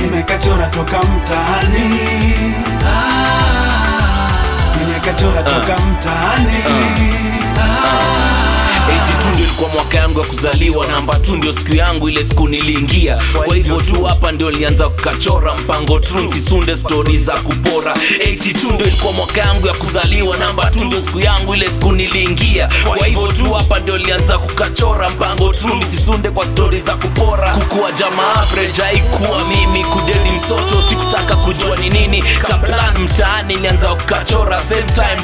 nimekachora toka mtaani nimekachora toka ah. mtaani ah. Ah yangu ya kuzaliwa namba tu ndio siku yangu ile siku niliingia, kwa hivyo tu hapa ndio lianza kukachora mpango tu sisunde stori za kupora 82 ndio ilikuwa mwaka yangu ya kuzaliwa namba tu ndio siku yangu ile siku niliingia, kwa hivyo tu hapa ndio lianza kukachora mpango tu sisunde kwa stori za kupora. Kukuwa jamaa average haikuwa mimi, kudeli msoto sikutaka kujua ni nini, kaplan mtaani nianza kukachora same time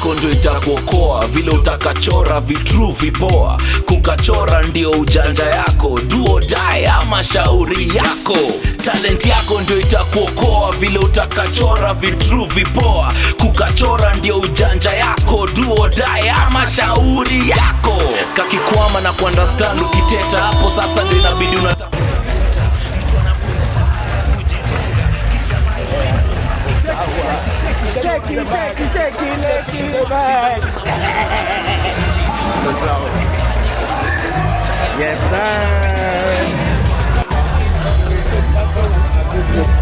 yako ndio itakuokoa, vile utakachora vitru vipoa, kukachora ndio ujanja yako, duo dai ama shauri yako. Talent yako ndio itakuokoa, vile utakachora vitru vipoa, kukachora ndio ujanja yako, duo dai ama shauri yako. Kakikwama na kuandastand, ukiteta hapo sasa ndio inabidi unatafuta shaky, shaky, shaky, shaky, back. Let's go. Yes, sir.